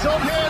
It's okay.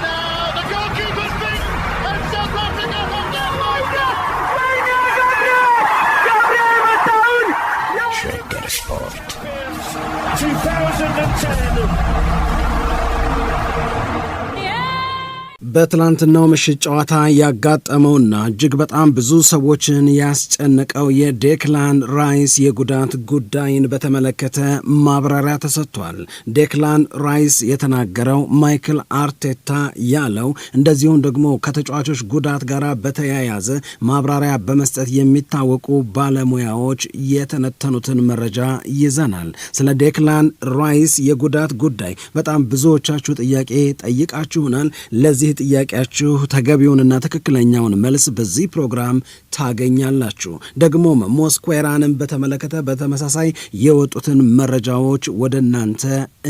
በትላንትናው ምሽት ጨዋታ ያጋጠመውና እጅግ በጣም ብዙ ሰዎችን ያስጨነቀው የዴክላን ራይስ የጉዳት ጉዳይን በተመለከተ ማብራሪያ ተሰጥቷል። ዴክላን ራይስ የተናገረው ማይክል አርቴታ ያለው እንደዚሁም ደግሞ ከተጫዋቾች ጉዳት ጋር በተያያዘ ማብራሪያ በመስጠት የሚታወቁ ባለሙያዎች የተነተኑትን መረጃ ይዘናል። ስለ ዴክላን ራይስ የጉዳት ጉዳይ በጣም ብዙዎቻችሁ ጥያቄ ጠይቃችሁናል። ለዚህ ጥያቄያችሁ ተገቢውንና ትክክለኛውን መልስ በዚህ ፕሮግራም ታገኛላችሁ። ደግሞም ሞስኩዌራንን በተመለከተ በተመሳሳይ የወጡትን መረጃዎች ወደ እናንተ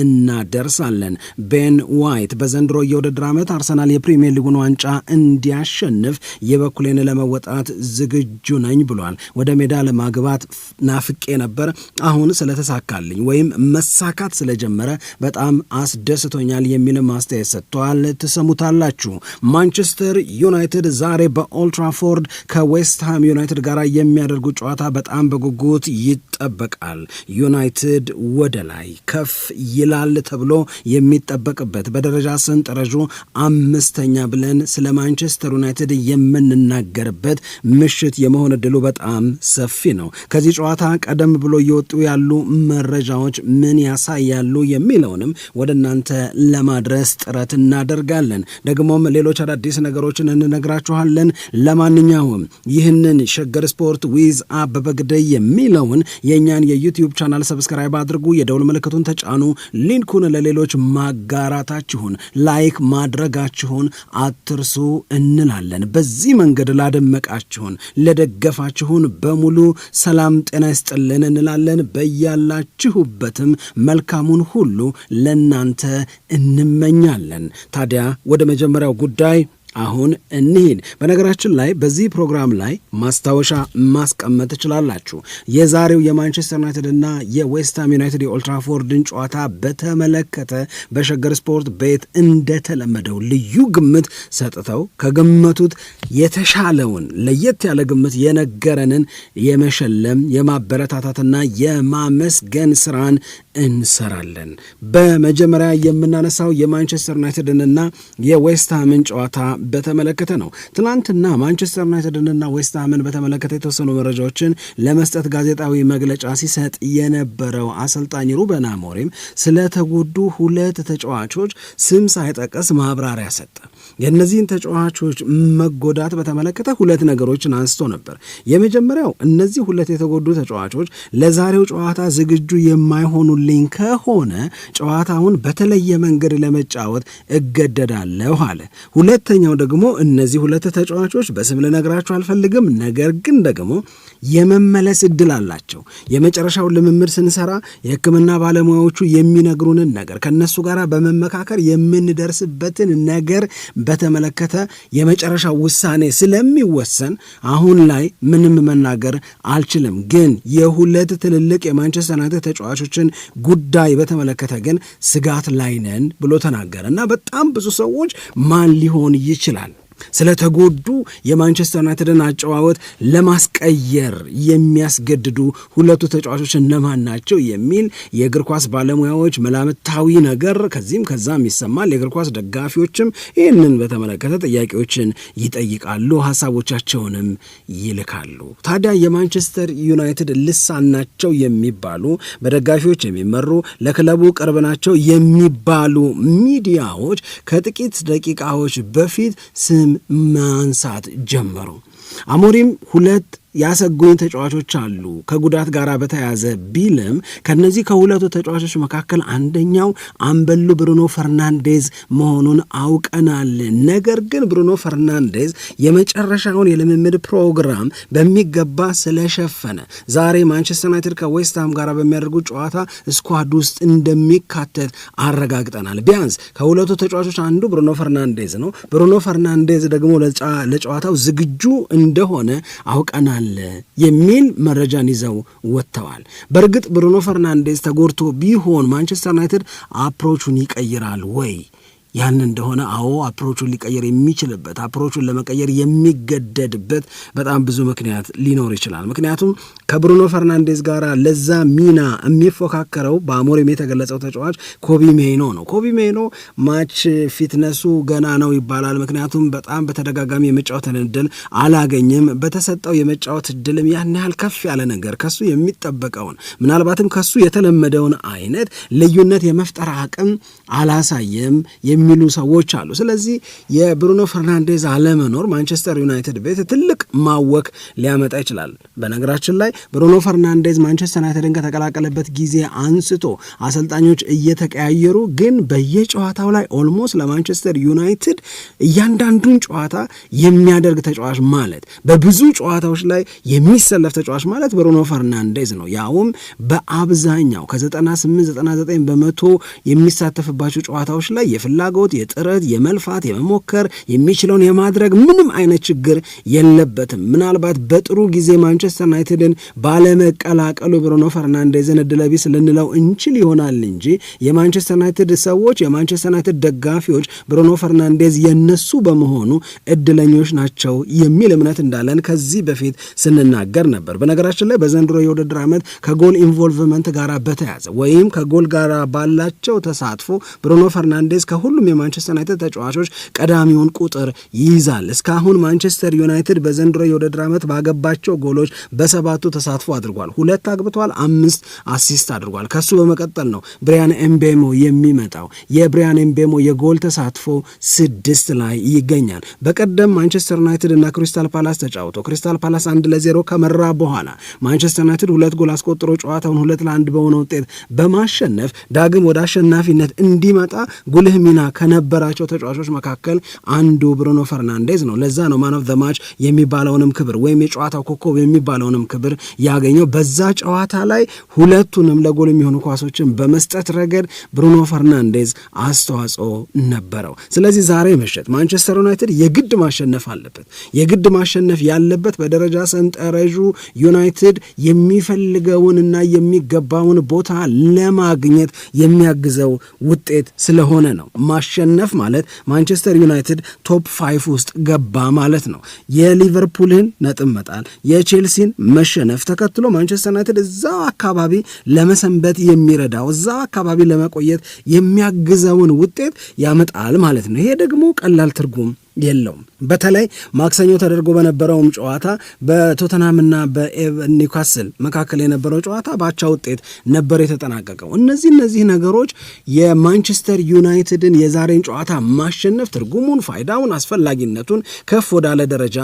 እናደርሳለን። ቤን ዋይት በዘንድሮ የውድድር ዓመት አርሰናል የፕሪሚየር ሊጉን ዋንጫ እንዲያሸንፍ የበኩሌን ለመወጣት ዝግጁ ነኝ ብሏል። ወደ ሜዳ ለማግባት ናፍቄ ነበር። አሁን ስለተሳካልኝ ወይም መሳካት ስለጀመረ በጣም አስደስቶኛል የሚልም አስተያየት ሰጥቷል። ትሰሙታላችሁ። አላችሁ። ማንቸስተር ዩናይትድ ዛሬ በኦልትራፎርድ ከዌስትሃም ዩናይትድ ጋር የሚያደርጉት ጨዋታ በጣም በጉጉት ይጠበቃል። ዩናይትድ ወደ ላይ ከፍ ይላል ተብሎ የሚጠበቅበት በደረጃ ሰንጠረዡ አምስተኛ ብለን ስለ ማንቸስተር ዩናይትድ የምንናገርበት ምሽት የመሆን እድሉ በጣም ሰፊ ነው። ከዚህ ጨዋታ ቀደም ብሎ እየወጡ ያሉ መረጃዎች ምን ያሳያሉ የሚለውንም ወደ እናንተ ለማድረስ ጥረት እናደርጋለን። ደግሞም ሌሎች አዳዲስ ነገሮችን እንነግራችኋለን። ለማንኛውም ይህንን ሸገር ስፖርት ዊዝ አበበ ግደይ የሚለውን የእኛን የዩትዩብ ቻናል ሰብስክራይብ አድርጉ፣ የደውል ምልክቱን ተጫኑ፣ ሊንኩን ለሌሎች ማጋራታችሁን ላይክ ማድረጋችሁን አትርሱ እንላለን። በዚህ መንገድ ላደመቃችሁን ለደገፋችሁን በሙሉ ሰላም ጤና ይስጥልን እንላለን። በያላችሁበትም መልካሙን ሁሉ ለእናንተ እንመኛለን። ታዲያ ወደ መጀመሪያው ጉዳይ አሁን እንሂድ። በነገራችን ላይ በዚህ ፕሮግራም ላይ ማስታወሻ ማስቀመጥ ትችላላችሁ። የዛሬው የማንቸስተር ዩናይትድ እና የዌስትሃም ዩናይትድ የኦልትራፎርድን ጨዋታ በተመለከተ በሸገር ስፖርት ቤት እንደተለመደው ልዩ ግምት ሰጥተው ከገመቱት የተሻለውን ለየት ያለ ግምት የነገረንን የመሸለም የማበረታታትና የማመስገን ስራን እንሰራለን። በመጀመሪያ የምናነሳው የማንቸስተር ዩናይትድንና የዌስትሃምን ጨዋታ በተመለከተ ነው። ትናንትና ማንቸስተር ዩናይትድንና ዌስትሃምን በተመለከተ የተወሰኑ መረጃዎችን ለመስጠት ጋዜጣዊ መግለጫ ሲሰጥ የነበረው አሰልጣኝ ሩበን አሞሪም ስለተጎዱ ሁለት ተጫዋቾች ስም ሳይጠቀስ ማብራሪያ ሰጠ። የእነዚህን ተጫዋቾች መጎዳት በተመለከተ ሁለት ነገሮችን አንስቶ ነበር። የመጀመሪያው እነዚህ ሁለት የተጎዱ ተጫዋቾች ለዛሬው ጨዋታ ዝግጁ የማይሆኑልኝ ከሆነ ጨዋታውን በተለየ መንገድ ለመጫወት እገደዳለሁ አለ። ሁለተኛው ሌላኛው ደግሞ እነዚህ ሁለት ተጫዋቾች በስም ልነግራችሁ አልፈልግም፣ ነገር ግን ደግሞ የመመለስ እድል አላቸው። የመጨረሻውን ልምምድ ስንሰራ የህክምና ባለሙያዎቹ የሚነግሩንን ነገር ከነሱ ጋር በመመካከር የምንደርስበትን ነገር በተመለከተ የመጨረሻው ውሳኔ ስለሚወሰን አሁን ላይ ምንም መናገር አልችልም። ግን የሁለት ትልልቅ የማንቸስተር ዩናይትድ ተጫዋቾችን ጉዳይ በተመለከተ ግን ስጋት ላይ ነን ብሎ ተናገረ እና በጣም ብዙ ሰዎች ማን ሊሆን ይችላል ስለተጎዱ የማንቸስተር ዩናይትድን አጨዋወት ለማስቀየር የሚያስገድዱ ሁለቱ ተጫዋቾች እነማን ናቸው የሚል የእግር ኳስ ባለሙያዎች መላምታዊ ነገር ከዚህም ከዛም ይሰማል። የእግር ኳስ ደጋፊዎችም ይህንን በተመለከተ ጥያቄዎችን ይጠይቃሉ፣ ሀሳቦቻቸውንም ይልካሉ። ታዲያ የማንቸስተር ዩናይትድ ልሳን ናቸው የሚባሉ በደጋፊዎች የሚመሩ ለክለቡ ቅርብ ናቸው የሚባሉ ሚዲያዎች ከጥቂት ደቂቃዎች በፊት ስም ስም ማንሳት ጀመሩ። አሞሪም ሁለት ያሰጉኝ ተጫዋቾች አሉ ከጉዳት ጋር በተያያዘ ቢልም ከነዚህ ከሁለቱ ተጫዋቾች መካከል አንደኛው አምበሉ ብሩኖ ፈርናንዴዝ መሆኑን አውቀናል። ነገር ግን ብሩኖ ፈርናንዴዝ የመጨረሻውን የልምምድ ፕሮግራም በሚገባ ስለሸፈነ ዛሬ ማንቸስተር ዩናይትድ ከዌስትሃም ጋር በሚያደርጉት ጨዋታ ስኳድ ውስጥ እንደሚካተት አረጋግጠናል። ቢያንስ ከሁለቱ ተጫዋቾች አንዱ ብሩኖ ፈርናንዴዝ ነው። ብሩኖ ፈርናንዴዝ ደግሞ ለጨዋታው ዝግጁ እንደሆነ አውቀናል። አለ የሚል መረጃን ይዘው ወጥተዋል። በእርግጥ ብሩኖ ፈርናንዴዝ ተጎድቶ ቢሆን ማንቸስተር ዩናይትድ አፕሮቹን ይቀይራል ወይ? ያን እንደሆነ አዎ አፕሮቹን ሊቀየር የሚችልበት አፕሮቹን ለመቀየር የሚገደድበት በጣም ብዙ ምክንያት ሊኖር ይችላል። ምክንያቱም ከብሩኖ ፈርናንዴዝ ጋር ለዛ ሚና የሚፎካከረው በአሞሪም የተገለጸው ተጫዋች ኮቢ ሜይኖ ነው። ኮቢ ሜይኖ ማች ፊትነሱ ገና ነው ይባላል። ምክንያቱም በጣም በተደጋጋሚ የመጫወትን እድል አላገኘም። በተሰጠው የመጫወት እድልም ያን ያህል ከፍ ያለ ነገር ከሱ የሚጠበቀውን ምናልባትም ከሱ የተለመደውን አይነት ልዩነት የመፍጠር አቅም አላሳየም የሚሉ ሰዎች አሉ። ስለዚህ የብሩኖ ፈርናንዴዝ አለመኖር ማንቸስተር ዩናይትድ ቤት ትልቅ ማወክ ሊያመጣ ይችላል። በነገራችን ላይ ብሩኖ ፈርናንዴዝ ማንቸስተር ዩናይትድን ከተቀላቀለበት ጊዜ አንስቶ አሰልጣኞች እየተቀያየሩ ግን በየጨዋታው ላይ ኦልሞስት ለማንቸስተር ዩናይትድ እያንዳንዱን ጨዋታ የሚያደርግ ተጫዋች ማለት በብዙ ጨዋታዎች ላይ የሚሰለፍ ተጫዋች ማለት ብሩኖ ፈርናንዴዝ ነው። ያውም በአብዛኛው ከ9899 በመቶ የሚሳተፍባቸው ጨዋታዎች ላይ የፍላጎት የጥረት የመልፋት የመሞከር የሚችለውን የማድረግ ምንም አይነት ችግር የለበትም። ምናልባት በጥሩ ጊዜ ማንቸስተር ዩናይትድን ባለመቀላቀሉ ብሩኖ ፈርናንዴዝን እድለቢስ ልንለው እንችል ይሆናል እንጂ የማንቸስተር ዩናይትድ ሰዎች፣ የማንቸስተር ዩናይትድ ደጋፊዎች ብሩኖ ፈርናንዴዝ የነሱ በመሆኑ እድለኞች ናቸው የሚል እምነት እንዳለን ከዚህ በፊት ስንናገር ነበር። በነገራችን ላይ በዘንድሮ የውድድር ዓመት ከጎል ኢንቮልቭመንት ጋር በተያዘ ወይም ከጎል ጋር ባላቸው ተሳትፎ ብሩኖ ፈርናንዴዝ ከሁሉም የማንቸስተር ዩናይትድ ተጫዋቾች ቀዳሚውን ቁጥር ይይዛል። እስካሁን ማንቸስተር ዩናይትድ በዘንድሮ የውድድር ዓመት ባገባቸው ጎሎች በሰባቱ ተሳትፎ አድርጓል። ሁለት አግብቷል፣ አምስት አሲስት አድርጓል። ከሱ በመቀጠል ነው ብሪያን ኤምቤሞ የሚመጣው። የብሪያን ኤምቤሞ የጎል ተሳትፎ ስድስት ላይ ይገኛል። በቀደም ማንቸስተር ዩናይትድ እና ክሪስታል ፓላስ ተጫውቶ ክሪስታል ፓላስ አንድ ለዜሮ ከመራ በኋላ ማንቸስተር ዩናይትድ ሁለት ጎል አስቆጥሮ ጨዋታውን ሁለት ለአንድ በሆነ ውጤት በማሸነፍ ዳግም ወደ አሸናፊነት እንዲመጣ ጉልህ ሚና ከነበራቸው ተጫዋቾች መካከል አንዱ ብሩኖ ፈርናንዴዝ ነው። ለዛ ነው ማን ኦፍ ዘ ማች የሚባለውንም ክብር ወይም የጨዋታው ኮከብ የሚባለውንም ክብር ያገኘው። በዛ ጨዋታ ላይ ሁለቱንም ለጎል የሚሆኑ ኳሶችን በመስጠት ረገድ ብሩኖ ፈርናንዴዝ አስተዋጽኦ ነበረው። ስለዚህ ዛሬ መሸጥ ማንቸስተር ዩናይትድ የግድ ማሸነፍ አለበት። የግድ ማሸነፍ ያለበት በደረጃ ሰንጠረዡ ዩናይትድ የሚፈልገውንና የሚገባውን ቦታ ለማግኘት የሚያግዘው ውጤት ስለሆነ ነው። ማሸነፍ ማለት ማንቸስተር ዩናይትድ ቶፕ ፋይፍ ውስጥ ገባ ማለት ነው። የሊቨርፑልን ነጥብ መጣል፣ የቼልሲን መሸነፍ መሸነፍ ተከትሎ ማንቸስተር ዩናይትድ እዛው አካባቢ ለመሰንበት የሚረዳው እዛው አካባቢ ለመቆየት የሚያግዘውን ውጤት ያመጣል ማለት ነው። ይሄ ደግሞ ቀላል ትርጉም የለውም። በተለይ ማክሰኞ ተደርጎ በነበረውም ጨዋታ በቶተንሃምና በኒውካስል መካከል የነበረው ጨዋታ በአቻ ውጤት ነበር የተጠናቀቀው። እነዚህ እነዚህ ነገሮች የማንቸስተር ዩናይትድን የዛሬን ጨዋታ ማሸነፍ ትርጉሙን፣ ፋይዳውን፣ አስፈላጊነቱን ከፍ ወዳለ ደረጃ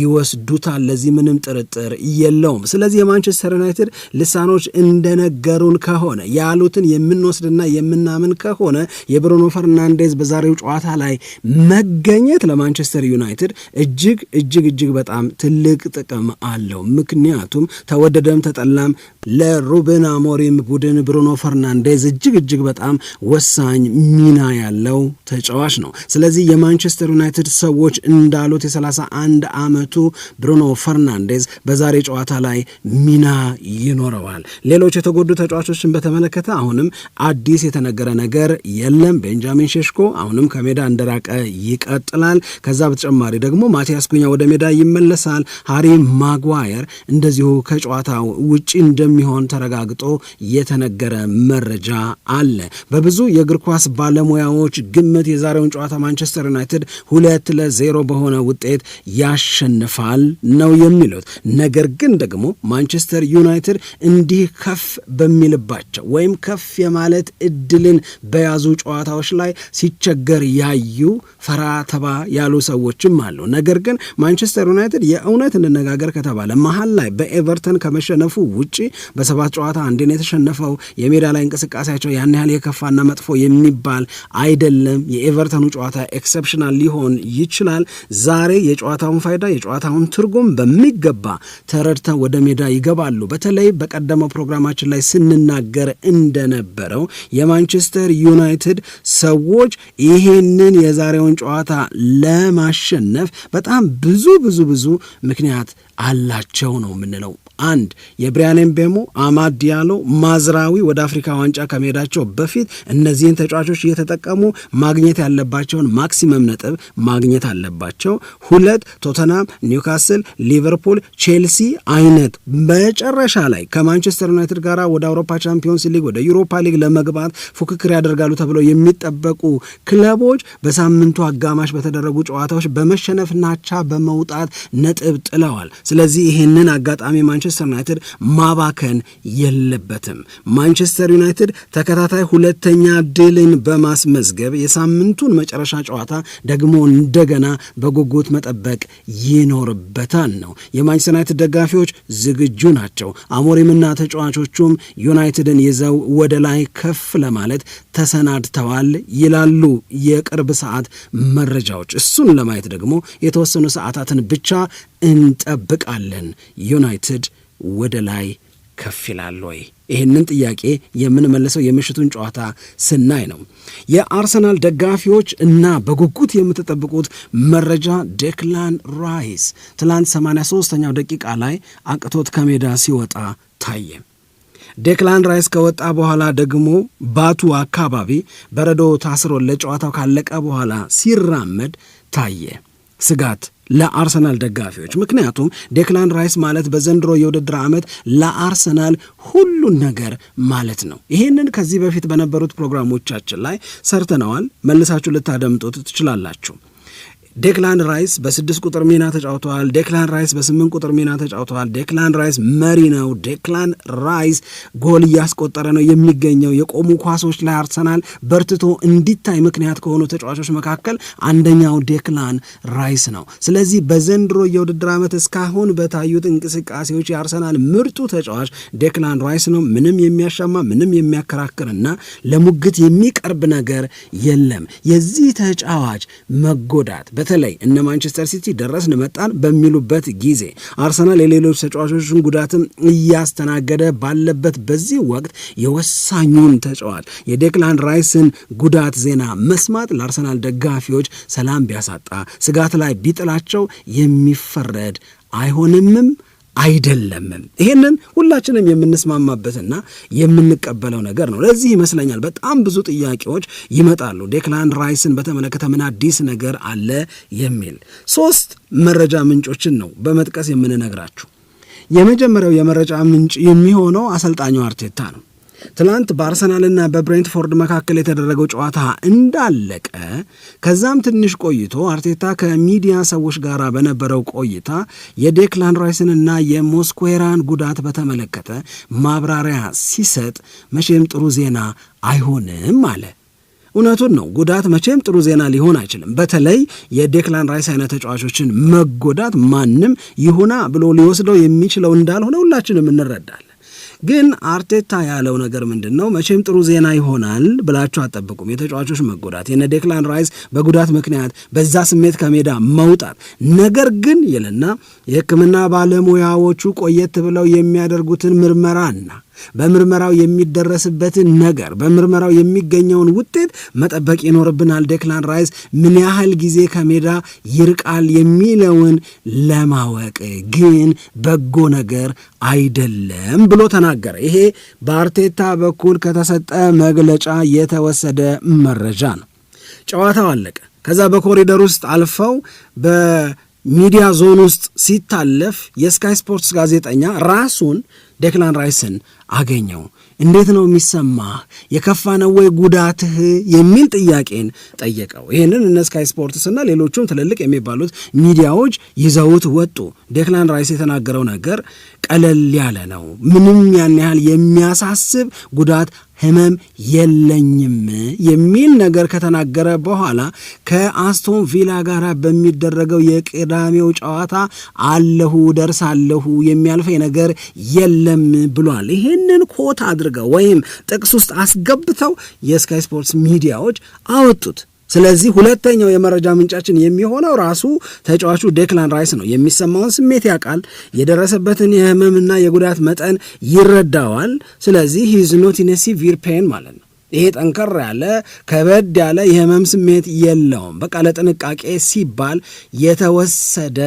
ይወስዱታል። ለዚህ ምንም ጥርጥር የለውም። ስለዚህ የማንቸስተር ዩናይትድ ልሳኖች እንደነገሩን ከሆነ ያሉትን የምንወስድና የምናምን ከሆነ የብሩኖ ፈርናንዴዝ በዛሬው ጨዋታ ላይ መገኘት ለማንቸስተር ዩናይትድ እጅግ እጅግ እጅግ በጣም ትልቅ ጥቅም አለው። ምክንያቱም ተወደደም ተጠላም ለሩበን አሞሪም ቡድን ብሩኖ ፈርናንዴዝ እጅግ እጅግ በጣም ወሳኝ ሚና ያለው ተጫዋች ነው። ስለዚህ የማንቸስተር ዩናይትድ ሰዎች እንዳሉት የሰላሳ አንድ ዓመቱ ብሩኖ ፈርናንዴዝ በዛሬ ጨዋታ ላይ ሚና ይኖረዋል። ሌሎች የተጎዱ ተጫዋቾችን በተመለከተ አሁንም አዲስ የተነገረ ነገር የለም። ቤንጃሚን ሼሽኮ አሁንም ከሜዳ እንደራቀ ይቀጥላል። ይሆናል። ከዛ በተጨማሪ ደግሞ ማቲያስ ኩኛ ወደ ሜዳ ይመለሳል። ሃሪ ማጓየር እንደዚሁ ከጨዋታ ውጪ እንደሚሆን ተረጋግጦ የተነገረ መረጃ አለ። በብዙ የእግር ኳስ ባለሙያዎች ግምት የዛሬውን ጨዋታ ማንቸስተር ዩናይትድ ሁለት ለዜሮ በሆነ ውጤት ያሸንፋል ነው የሚሉት። ነገር ግን ደግሞ ማንቸስተር ዩናይትድ እንዲህ ከፍ በሚልባቸው ወይም ከፍ የማለት እድልን በያዙ ጨዋታዎች ላይ ሲቸገር ያዩ ፈራ ተባ ያሉ ሰዎችም አሉ። ነገር ግን ማንቸስተር ዩናይትድ የእውነት እንነጋገር ከተባለ መሀል ላይ በኤቨርተን ከመሸነፉ ውጪ በሰባት ጨዋታ አንድን የተሸነፈው የሜዳ ላይ እንቅስቃሴያቸው ያን ያህል የከፋና መጥፎ የሚባል አይደለም። የኤቨርተኑ ጨዋታ ኤክሰፕሽናል ሊሆን ይችላል። ዛሬ የጨዋታውን ፋይዳ የጨዋታውን ትርጉም በሚገባ ተረድተው ወደ ሜዳ ይገባሉ። በተለይ በቀደመው ፕሮግራማችን ላይ ስንናገር እንደነበረው የማንቸስተር ዩናይትድ ሰዎች ይሄንን የዛሬውን ጨዋታ ለማሸነፍ በጣም ብዙ ብዙ ብዙ ምክንያት አላቸው ነው የምንለው። አንድ የብሪያን ኤምቤሞ፣ አማድ ዲያሎ፣ ማዝራዊ ወደ አፍሪካ ዋንጫ ከመሄዳቸው በፊት እነዚህን ተጫዋቾች እየተጠቀሙ ማግኘት ያለባቸውን ማክሲመም ነጥብ ማግኘት አለባቸው። ሁለት ቶተናም፣ ኒውካስል፣ ሊቨርፑል፣ ቼልሲ አይነት መጨረሻ ላይ ከማንቸስተር ዩናይትድ ጋር ወደ አውሮፓ ቻምፒዮንስ ሊግ ወደ ዩሮፓ ሊግ ለመግባት ፉክክር ያደርጋሉ ተብለው የሚጠበቁ ክለቦች በሳምንቱ አጋማሽ በተደረጉ ጨዋታዎች በመሸነፍ ናቻ በመውጣት ነጥብ ጥለዋል። ስለዚህ ይህንን አጋጣሚ ማንቸስተር ዩናይትድ ማባከን የለበትም። ማንቸስተር ዩናይትድ ተከታታይ ሁለተኛ ድልን በማስመዝገብ የሳምንቱን መጨረሻ ጨዋታ ደግሞ እንደገና በጉጉት መጠበቅ ይኖርበታል ነው። የማንቸስተር ዩናይትድ ደጋፊዎች ዝግጁ ናቸው። አሞሪምና ተጫዋቾቹም ዩናይትድን ይዘው ወደ ላይ ከፍ ለማለት ተሰናድተዋል ይላሉ የቅርብ ሰዓት መረጃዎች። እሱን ለማየት ደግሞ የተወሰኑ ሰዓታትን ብቻ እንጠብቃለን። ዩናይትድ ወደ ላይ ከፍ ይላል ወይ? ይህንን ጥያቄ የምንመለሰው የምሽቱን ጨዋታ ስናይ ነው። የአርሰናል ደጋፊዎች እና በጉጉት የምትጠብቁት መረጃ ዴክላን ራይስ ትላንት 83ኛው ደቂቃ ላይ አቅቶት ከሜዳ ሲወጣ ታየ። ዴክላን ራይስ ከወጣ በኋላ ደግሞ ባቱ አካባቢ በረዶ ታስሮ ለጨዋታው ካለቀ በኋላ ሲራመድ ታየ። ስጋት ለአርሰናል ደጋፊዎች። ምክንያቱም ዴክላን ራይስ ማለት በዘንድሮ የውድድር ዓመት ለአርሰናል ሁሉን ነገር ማለት ነው። ይሄንን ከዚህ በፊት በነበሩት ፕሮግራሞቻችን ላይ ሰርተነዋል። መልሳችሁ ልታደምጡት ትችላላችሁ። ዴክላን ራይስ በስድስት ቁጥር ሚና ተጫውተዋል። ዴክላን ራይስ በስምንት ቁጥር ሚና ተጫውተዋል። ዴክላን ራይስ መሪ ነው። ዴክላን ራይስ ጎል እያስቆጠረ ነው የሚገኘው። የቆሙ ኳሶች ላይ አርሰናል በርትቶ እንዲታይ ምክንያት ከሆኑ ተጫዋቾች መካከል አንደኛው ዴክላን ራይስ ነው። ስለዚህ በዘንድሮ የውድድር ዓመት እስካሁን በታዩት እንቅስቃሴዎች የአርሰናል ምርጡ ተጫዋች ዴክላን ራይስ ነው። ምንም የሚያሻማ ምንም የሚያከራክርና ለሙግት የሚቀርብ ነገር የለም። የዚህ ተጫዋች መጎዳት በተለይ እነ ማንቸስተር ሲቲ ደረስን መጣን በሚሉበት ጊዜ አርሰናል የሌሎች ተጫዋቾችን ጉዳትም እያስተናገደ ባለበት በዚህ ወቅት የወሳኙን ተጫዋች የዴክላን ራይስን ጉዳት ዜና መስማት ለአርሰናል ደጋፊዎች ሰላም ቢያሳጣ ስጋት ላይ ቢጥላቸው የሚፈረድ አይሆንምም አይደለም። ይሄንን ሁላችንም የምንስማማበትና የምንቀበለው ነገር ነው። ለዚህ ይመስለኛል በጣም ብዙ ጥያቄዎች ይመጣሉ ዴክላን ራይስን በተመለከተ ምን አዲስ ነገር አለ የሚል ሶስት መረጃ ምንጮችን ነው በመጥቀስ የምንነግራችሁ። የመጀመሪያው የመረጃ ምንጭ የሚሆነው አሰልጣኙ አርቴታ ነው። ትላንት በአርሰናልና በብሬንትፎርድ መካከል የተደረገው ጨዋታ እንዳለቀ ከዛም ትንሽ ቆይቶ አርቴታ ከሚዲያ ሰዎች ጋር በነበረው ቆይታ የዴክላን ራይስንና የሞስኩዌራን ጉዳት በተመለከተ ማብራሪያ ሲሰጥ መቼም ጥሩ ዜና አይሆንም አለ። እውነቱን ነው። ጉዳት መቼም ጥሩ ዜና ሊሆን አይችልም። በተለይ የዴክላን ራይስ አይነት ተጫዋቾችን መጎዳት ማንም ይሁና ብሎ ሊወስደው የሚችለው እንዳልሆነ ሁላችንም እንረዳል። ግን አርቴታ ያለው ነገር ምንድን ነው? መቼም ጥሩ ዜና ይሆናል ብላችሁ አጠብቁም። የተጫዋቾች መጎዳት፣ የነ ዴክላን ራይስ በጉዳት ምክንያት በዛ ስሜት ከሜዳ መውጣት ነገር ግን ይልና የሕክምና ባለሙያዎቹ ቆየት ብለው የሚያደርጉትን ምርመራና በምርመራው የሚደረስበትን ነገር በምርመራው የሚገኘውን ውጤት መጠበቅ ይኖርብናል። ዴክላን ራይስ ምን ያህል ጊዜ ከሜዳ ይርቃል የሚለውን ለማወቅ ግን በጎ ነገር አይደለም ብሎ ተናገረ። ይሄ በአርቴታ በኩል ከተሰጠ መግለጫ የተወሰደ መረጃ ነው። ጨዋታው አለቀ። ከዛ በኮሪደር ውስጥ አልፈው በሚዲያ ዞን ውስጥ ሲታለፍ የስካይ ስፖርትስ ጋዜጠኛ ራሱን ዴክላን ራይስን አገኘው። እንዴት ነው የሚሰማህ? የከፋ ነው ወይ ጉዳትህ? የሚል ጥያቄን ጠየቀው። ይህንን እነ ስካይ ስፖርትስ እና ሌሎቹም ትልልቅ የሚባሉት ሚዲያዎች ይዘውት ወጡ። ዴክላን ራይስ የተናገረው ነገር ቀለል ያለ ነው። ምንም ያን ያህል የሚያሳስብ ጉዳት ህመም የለኝም የሚል ነገር ከተናገረ በኋላ ከአስቶን ቪላ ጋር በሚደረገው የቅዳሜው ጨዋታ አለሁ ደርሳለሁ የሚያልፈኝ ነገር የለም የለም ብሏል። ይሄንን ኮት አድርገው ወይም ጥቅስ ውስጥ አስገብተው የስካይ ስፖርትስ ሚዲያዎች አወጡት። ስለዚህ ሁለተኛው የመረጃ ምንጫችን የሚሆነው ራሱ ተጫዋቹ ዴክላን ራይስ ነው። የሚሰማውን ስሜት ያውቃል። የደረሰበትን የህመምና የጉዳት መጠን ይረዳዋል። ስለዚህ ሂዝ ኖት ኢን ሲቪር ፔን ማለት ነው። ይሄ ጠንከር ያለ ከበድ ያለ የህመም ስሜት የለውም። በቃ ለጥንቃቄ ሲባል የተወሰደ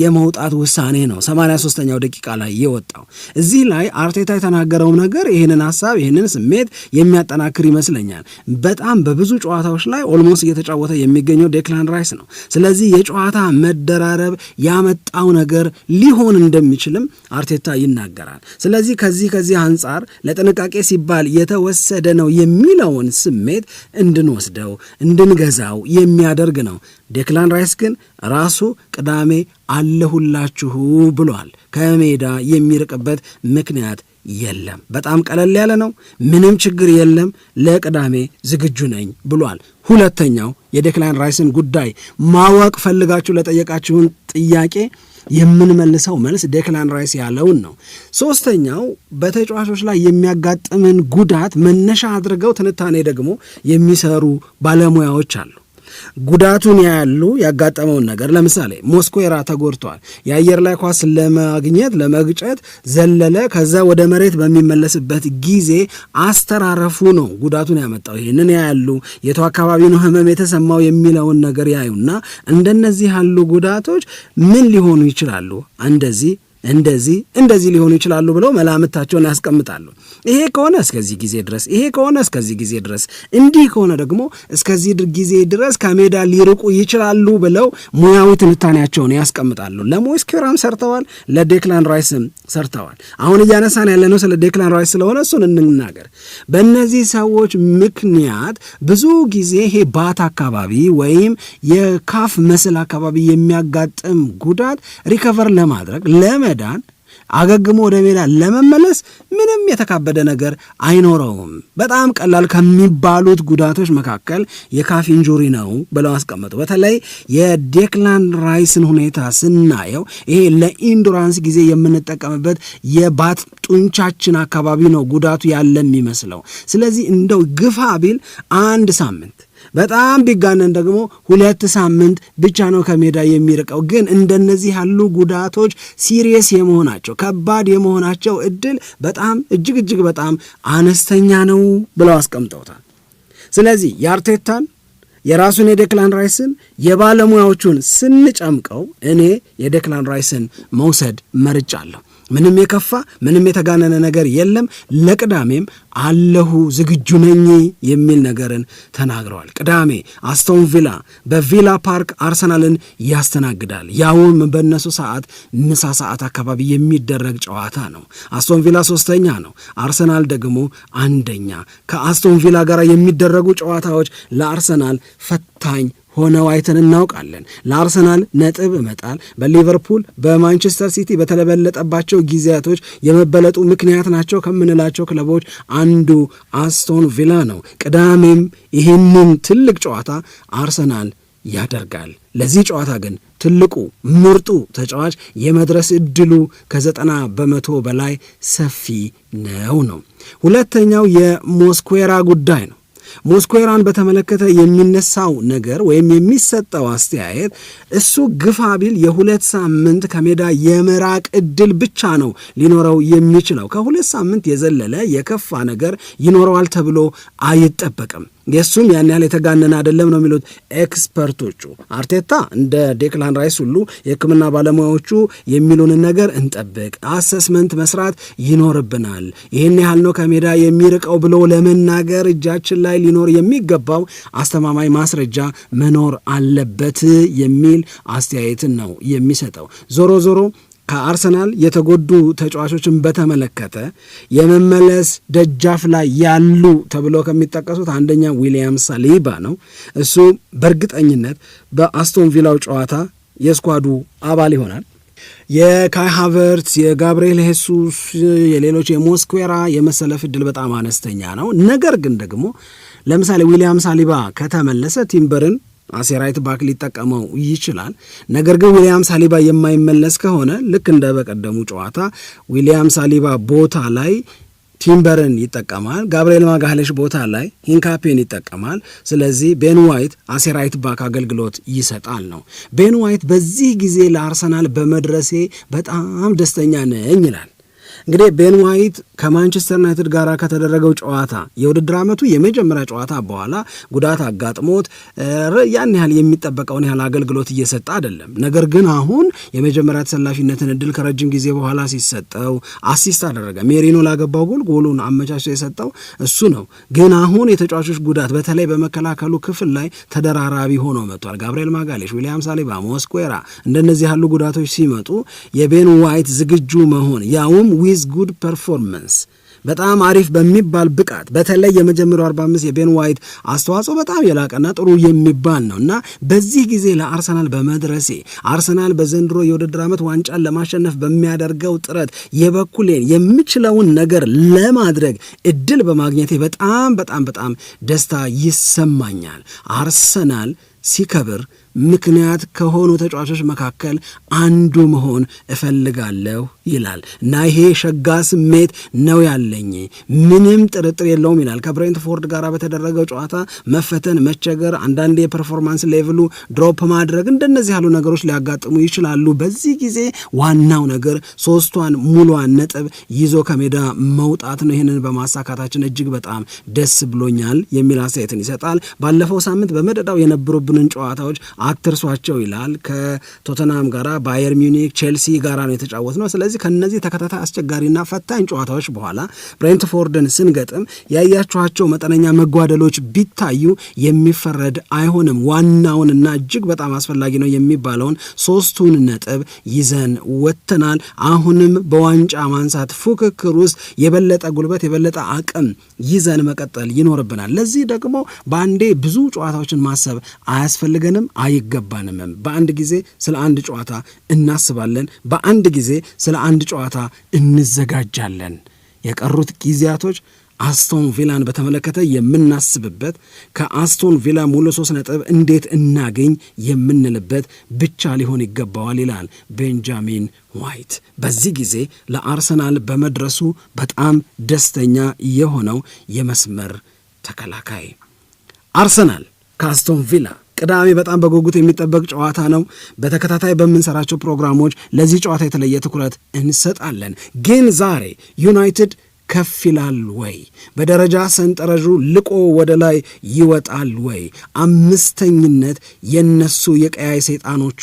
የመውጣት ውሳኔ ነው 83ኛው ደቂቃ ላይ የወጣው። እዚህ ላይ አርቴታ የተናገረው ነገር ይህንን ሀሳብ ይህንን ስሜት የሚያጠናክር ይመስለኛል። በጣም በብዙ ጨዋታዎች ላይ ኦልሞስት እየተጫወተ የሚገኘው ዴክላን ራይስ ነው። ስለዚህ የጨዋታ መደራረብ ያመጣው ነገር ሊሆን እንደሚችልም አርቴታ ይናገራል። ስለዚህ ከዚህ ከዚህ አንጻር ለጥንቃቄ ሲባል የተወሰደ ነው የሚለውን ስሜት እንድንወስደው እንድንገዛው የሚያደርግ ነው። ዴክላን ራይስ ግን ራሱ ቅዳሜ አለሁላችሁ ብሏል። ከሜዳ የሚርቅበት ምክንያት የለም። በጣም ቀለል ያለ ነው። ምንም ችግር የለም፣ ለቅዳሜ ዝግጁ ነኝ ብሏል። ሁለተኛው የዴክላን ራይስን ጉዳይ ማወቅ ፈልጋችሁ ለጠየቃችሁን ጥያቄ የምንመልሰው መልስ ዴክላን ራይስ ያለውን ነው። ሶስተኛው በተጫዋቾች ላይ የሚያጋጥምን ጉዳት መነሻ አድርገው ትንታኔ ደግሞ የሚሰሩ ባለሙያዎች አሉ። ጉዳቱን ያያሉ፣ ያጋጠመውን ነገር ለምሳሌ ሞስኮራ ተጎድቷል። የአየር ላይ ኳስ ለማግኘት ለመግጨት ዘለለ። ከዛ ወደ መሬት በሚመለስበት ጊዜ አስተራረፉ ነው ጉዳቱን ያመጣው። ይህንን ያያሉ። የቱ አካባቢ ነው ህመም የተሰማው የሚለውን ነገር ያዩና እንደነዚህ ያሉ ጉዳቶች ምን ሊሆኑ ይችላሉ እንደዚህ እንደዚህ እንደዚህ ሊሆኑ ይችላሉ ብለው መላምታቸውን ያስቀምጣሉ። ይሄ ከሆነ እስከዚህ ጊዜ ድረስ፣ ይሄ ከሆነ እስከዚህ ጊዜ ድረስ፣ እንዲህ ከሆነ ደግሞ እስከዚህ ጊዜ ድረስ ከሜዳ ሊርቁ ይችላሉ ብለው ሙያዊ ትንታኔያቸውን ያስቀምጣሉ። ለሞይስ ኪራም ሰርተዋል፣ ለዴክላን ራይስም ሰርተዋል። አሁን እያነሳን ያለነው ስለ ዴክላን ራይስ ስለሆነ እሱን እንናገር። በእነዚህ ሰዎች ምክንያት ብዙ ጊዜ ይሄ ባት አካባቢ ወይም የካፍ መስል አካባቢ የሚያጋጥም ጉዳት ሪከቨር ለማድረግ ለመ ለመዳን አገግሞ ወደ ሜዳ ለመመለስ ምንም የተካበደ ነገር አይኖረውም። በጣም ቀላል ከሚባሉት ጉዳቶች መካከል የካፍ ኢንጁሪ ነው ብለው አስቀመጡ። በተለይ የዴክላን ራይስን ሁኔታ ስናየው ይሄ ለኢንዱራንስ ጊዜ የምንጠቀምበት የባት ጡንቻችን አካባቢ ነው ጉዳቱ ያለ የሚመስለው። ስለዚህ እንደው ግፋ ቢል አንድ ሳምንት በጣም ቢጋነን ደግሞ ሁለት ሳምንት ብቻ ነው ከሜዳ የሚርቀው። ግን እንደነዚህ ያሉ ጉዳቶች ሲሪየስ የመሆናቸው ከባድ የመሆናቸው እድል በጣም እጅግ እጅግ በጣም አነስተኛ ነው ብለው አስቀምጠውታል። ስለዚህ የአርቴታን የራሱን የዴክላን ራይስን የባለሙያዎቹን ስንጨምቀው እኔ የዴክላን ራይስን መውሰድ መርጫለሁ። ምንም የከፋ ምንም የተጋነነ ነገር የለም፣ ለቅዳሜም አለሁ ዝግጁ ነኝ የሚል ነገርን ተናግረዋል። ቅዳሜ አስቶን ቪላ በቪላ ፓርክ አርሰናልን ያስተናግዳል። ያውም በእነሱ ሰዓት ምሳ ሰዓት አካባቢ የሚደረግ ጨዋታ ነው። አስቶን ቪላ ሶስተኛ ነው፣ አርሰናል ደግሞ አንደኛ። ከአስቶን ቪላ ጋር የሚደረጉ ጨዋታዎች ለአርሰናል ፈታኝ ሆነው አይተን እናውቃለን። ለአርሰናል ነጥብ መጣል በሊቨርፑል በማንቸስተር ሲቲ በተለበለጠባቸው ጊዜያቶች የመበለጡ ምክንያት ናቸው ከምንላቸው ክለቦች አንዱ አስቶን ቪላ ነው። ቅዳሜም ይህንን ትልቅ ጨዋታ አርሰናል ያደርጋል። ለዚህ ጨዋታ ግን ትልቁ ምርጡ ተጫዋች የመድረስ እድሉ ከዘጠና በመቶ በላይ ሰፊ ነው ነው ሁለተኛው የሞስኩዌራ ጉዳይ ነው። ሞስኩዌራን በተመለከተ የሚነሳው ነገር ወይም የሚሰጠው አስተያየት እሱ ግፋ ቢል የሁለት ሳምንት ከሜዳ የመራቅ እድል ብቻ ነው ሊኖረው የሚችለው። ከሁለት ሳምንት የዘለለ የከፋ ነገር ይኖረዋል ተብሎ አይጠበቅም። የእሱም ያን ያህል የተጋነነ አይደለም ነው የሚሉት ኤክስፐርቶቹ። አርቴታ እንደ ዴክላን ራይስ ሁሉ የሕክምና ባለሙያዎቹ የሚሉንን ነገር እንጠብቅ፣ አሰስመንት መስራት ይኖርብናል። ይህን ያህል ነው ከሜዳ የሚርቀው ብሎ ለመናገር እጃችን ላይ ሊኖር የሚገባው አስተማማኝ ማስረጃ መኖር አለበት የሚል አስተያየትን ነው የሚሰጠው ዞሮ ዞሮ ከአርሰናል የተጎዱ ተጫዋቾችን በተመለከተ የመመለስ ደጃፍ ላይ ያሉ ተብለው ከሚጠቀሱት አንደኛ ዊሊያም ሳሊባ ነው። እሱ በእርግጠኝነት በአስቶን ቪላው ጨዋታ የስኳዱ አባል ይሆናል። የካይ ሃቨርት፣ የጋብርኤል ሄሱስ፣ የሌሎች የሞስኩዌራ የመሰለፍ ዕድል በጣም አነስተኛ ነው። ነገር ግን ደግሞ ለምሳሌ ዊሊያም ሳሊባ ከተመለሰ ቲምበርን አሴ ራይት ባክ ሊጠቀመው ይችላል። ነገር ግን ዊሊያም ሳሊባ የማይመለስ ከሆነ ልክ እንደ በቀደሙ ጨዋታ ዊሊያም ሳሊባ ቦታ ላይ ቲምበርን ይጠቀማል። ጋብርኤል ማጋሌሽ ቦታ ላይ ሂንካፔን ይጠቀማል። ስለዚህ ቤን ዋይት አሴ ራይት ባክ አገልግሎት ይሰጣል ነው። ቤን ዋይት በዚህ ጊዜ ለአርሰናል በመድረሴ በጣም ደስተኛ ነኝ ይላል። እንግዲህ ቤን ዋይት ከማንቸስተር ዩናይትድ ጋር ከተደረገው ጨዋታ የውድድር ዓመቱ የመጀመሪያ ጨዋታ በኋላ ጉዳት አጋጥሞት ያን ያህል የሚጠበቀውን ያህል አገልግሎት እየሰጠ አይደለም። ነገር ግን አሁን የመጀመሪያ ተሰላፊነትን እድል ከረጅም ጊዜ በኋላ ሲሰጠው አሲስት አደረገ። ሜሪኖ ላገባው ጎል ጎሉን አመቻችቶ የሰጠው እሱ ነው። ግን አሁን የተጫዋቾች ጉዳት በተለይ በመከላከሉ ክፍል ላይ ተደራራቢ ሆኖ መጥቷል። ጋብርኤል ማጋሌሽ፣ ዊሊያም ሳሊባ፣ ሞስኩዌራ እንደነዚህ ያሉ ጉዳቶች ሲመጡ የቤን ዋይት ዝግጁ መሆን ያውም ዊዝ ጉድ ፐርፎርመንስ በጣም አሪፍ በሚባል ብቃት በተለይ የመጀመሪያው 45 የቤን ዋይት አስተዋጽኦ በጣም የላቀና ጥሩ የሚባል ነው እና በዚህ ጊዜ ለአርሰናል በመድረሴ አርሰናል በዘንድሮ የውድድር ዓመት ዋንጫን ለማሸነፍ በሚያደርገው ጥረት የበኩሌን የምችለውን ነገር ለማድረግ እድል በማግኘቴ በጣም በጣም በጣም ደስታ ይሰማኛል። አርሰናል ሲከብር ምክንያት ከሆኑ ተጫዋቾች መካከል አንዱ መሆን እፈልጋለሁ ይላል እና ይሄ ሸጋ ስሜት ነው ያለኝ፣ ምንም ጥርጥር የለውም ይላል። ከብሬንትፎርድ ጋር በተደረገው ጨዋታ መፈተን፣ መቸገር፣ አንዳንድ የፐርፎርማንስ ሌቭሉ ድሮፕ ማድረግ፣ እንደነዚህ ያሉ ነገሮች ሊያጋጥሙ ይችላሉ። በዚህ ጊዜ ዋናው ነገር ሶስቷን ሙሏን ነጥብ ይዞ ከሜዳ መውጣት ነው። ይህንን በማሳካታችን እጅግ በጣም ደስ ብሎኛል የሚል አስተያየትን ይሰጣል። ባለፈው ሳምንት በመደዳው የነበሩብንን ጨዋታዎች አትርሷቸው ይላል። ከቶተናም ጋራ ባየር ሚኒክ፣ ቼልሲ ጋራ ነው የተጫወት ነው። ስለዚህ ከነዚህ ተከታታይ አስቸጋሪና ፈታኝ ጨዋታዎች በኋላ ብሬንትፎርድን ስንገጥም ያያችኋቸው መጠነኛ መጓደሎች ቢታዩ የሚፈረድ አይሆንም። ዋናውንና እጅግ በጣም አስፈላጊ ነው የሚባለውን ሶስቱን ነጥብ ይዘን ወጥተናል። አሁንም በዋንጫ ማንሳት ፉክክር ውስጥ የበለጠ ጉልበት የበለጠ አቅም ይዘን መቀጠል ይኖርብናል። ለዚህ ደግሞ በአንዴ ብዙ ጨዋታዎችን ማሰብ አያስፈልገንም። አይገባንም። በአንድ ጊዜ ስለ አንድ ጨዋታ እናስባለን፣ በአንድ ጊዜ ስለ አንድ ጨዋታ እንዘጋጃለን። የቀሩት ጊዜያቶች አስቶን ቪላን በተመለከተ የምናስብበት ከአስቶን ቪላ ሙሉ ሶስት ነጥብ እንዴት እናገኝ የምንልበት ብቻ ሊሆን ይገባዋል ይላል ቤንጃሚን ዋይት። በዚህ ጊዜ ለአርሰናል በመድረሱ በጣም ደስተኛ የሆነው የመስመር ተከላካይ አርሰናል ከአስቶን ቪላ ቅዳሜ በጣም በጉጉት የሚጠበቅ ጨዋታ ነው። በተከታታይ በምንሰራቸው ፕሮግራሞች ለዚህ ጨዋታ የተለየ ትኩረት እንሰጣለን። ግን ዛሬ ዩናይትድ ከፍ ይላል ወይ? በደረጃ ሰንጠረዡ ልቆ ወደ ላይ ይወጣል ወይ? አምስተኝነት የነሱ የቀያይ ሰይጣኖቹ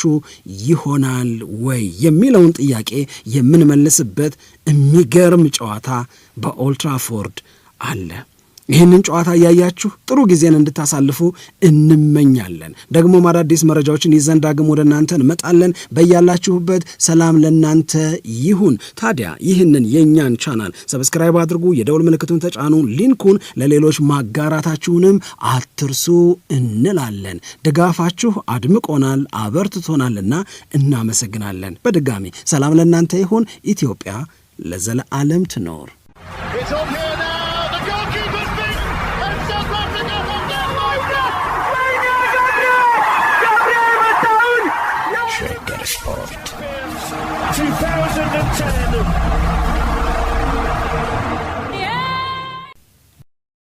ይሆናል ወይ የሚለውን ጥያቄ የምንመልስበት የሚገርም ጨዋታ በኦልትራፎርድ አለ። ይህንን ጨዋታ እያያችሁ ጥሩ ጊዜን እንድታሳልፉ እንመኛለን። ደግሞም አዳዲስ መረጃዎችን ይዘን ዳግም ወደ እናንተ እንመጣለን። በያላችሁበት ሰላም ለእናንተ ይሁን። ታዲያ ይህንን የእኛን ቻናል ሰብስክራይብ አድርጉ፣ የደውል ምልክቱን ተጫኑ፣ ሊንኩን ለሌሎች ማጋራታችሁንም አትርሱ እንላለን። ድጋፋችሁ አድምቆናል፣ አበርትቶናልና እናመሰግናለን። በድጋሚ ሰላም ለእናንተ ይሁን። ኢትዮጵያ ለዘለዓለም ትኖር።